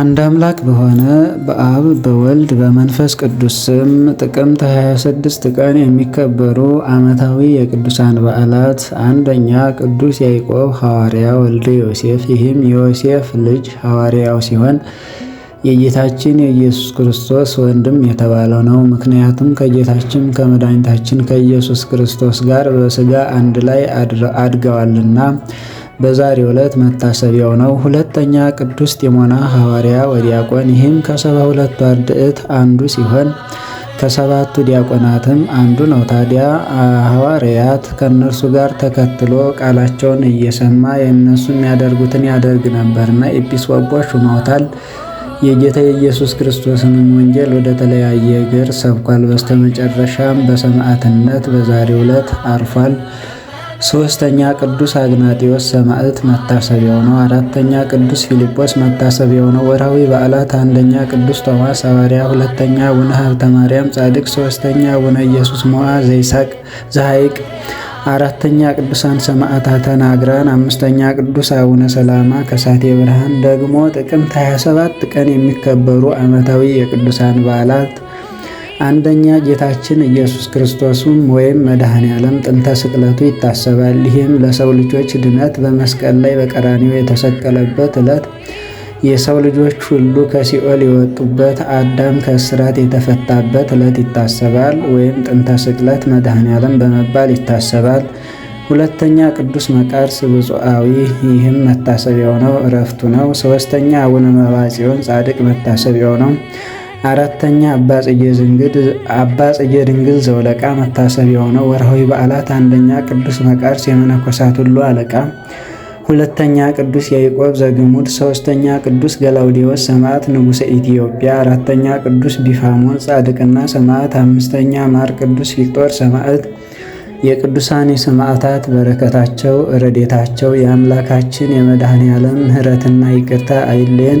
አንድ አምላክ በሆነ በአብ በወልድ በመንፈስ ቅዱስ ስም ጥቅምት 26 ቀን የሚከበሩ ዓመታዊ የቅዱሳን በዓላት፣ አንደኛ ቅዱስ ያዕቆብ ሐዋርያ ወልደ ዮሴፍ። ይህም የዮሴፍ ልጅ ሐዋርያው ሲሆን የጌታችን የኢየሱስ ክርስቶስ ወንድም የተባለው ነው። ምክንያቱም ከጌታችን ከመድኃኒታችን ከኢየሱስ ክርስቶስ ጋር በሥጋ አንድ ላይ አድገዋልና። በዛሬው ዕለት መታሰቢያው ነው። ሁለተኛ ቅዱስ ጢሞና ሐዋርያ ወዲያቆን፣ ይህም ከሰባ ሁለቱ አርድእት አንዱ ሲሆን ከሰባቱ ዲያቆናትም አንዱ ነው። ታዲያ ሐዋርያት ከእነርሱ ጋር ተከትሎ ቃላቸውን እየሰማ የእነሱ የሚያደርጉትን ያደርግ ነበርና ኤጲስቆጶስ ሹመውታል። የጌታ የኢየሱስ ክርስቶስንም ወንጌል ወደ ተለያየ እግር ሰብኳል። በስተመጨረሻም በሰማዕትነት በዛሬ ዕለት አርፏል። ሶስተኛ ቅዱስ አግናጢዎስ ሰማዕት መታሰቢያው ነው። አራተኛ ቅዱስ ፊልጶስ መታሰቢያው ነው። ወርሃዊ በዓላት አንደኛ ቅዱስ ቶማስ ሐዋርያ፣ ሁለተኛ አቡነ ሀብተ ማርያም ጻድቅ፣ ሶስተኛ አቡነ ኢየሱስ ሞዓ ዘይሳቅ ዘሐይቅ፣ አራተኛ ቅዱሳን ሰማዕታተ ናግራን፣ አምስተኛ ቅዱስ አቡነ ሰላማ ከሳቴ ብርሃን። ደግሞ ጥቅምት 27 ቀን የሚከበሩ ዓመታዊ የቅዱሳን በዓላት አንደኛ ጌታችን ኢየሱስ ክርስቶስም ወይም መድኃኔ ዓለም ጥንተ ስቅለቱ ይታሰባል። ይህም ለሰው ልጆች ድነት በመስቀል ላይ በቀራኒው የተሰቀለበት ዕለት የሰው ልጆች ሁሉ ከሲኦል የወጡበት አዳም ከእስራት የተፈታበት ዕለት ይታሰባል። ወይም ጥንተ ስቅለት መድኃኔ ዓለም በመባል ይታሰባል። ሁለተኛ ቅዱስ መቃርስ ብፁዓዊ፣ ይህም መታሰቢያው ነው፣ እረፍቱ ነው። ሶስተኛ አቡነ መባጽዮን ጻድቅ መታሰቢያው ነው። አራተኛ አባ ጽጌ ድንግል ዘወለቃ መታሰብ የሆነው ወርሃዊ በዓላት፣ አንደኛ ቅዱስ መቃርስ የመነኮሳት ሁሉ አለቃ፣ ሁለተኛ ቅዱስ ያዕቆብ ዘግሙድ፣ ሶስተኛ ቅዱስ ገላውዲዎስ ሰማዕት ንጉሠ ኢትዮጵያ፣ አራተኛ ቅዱስ ቢፋሞን ጻድቅና ሰማዕት፣ አምስተኛ ማር ቅዱስ ቪክጦር ሰማዕት። የቅዱሳን የሰማዕታት በረከታቸው ረዴታቸው የአምላካችን የመድኃኔ ዓለም ምሕረትና ይቅርታ አይለየን።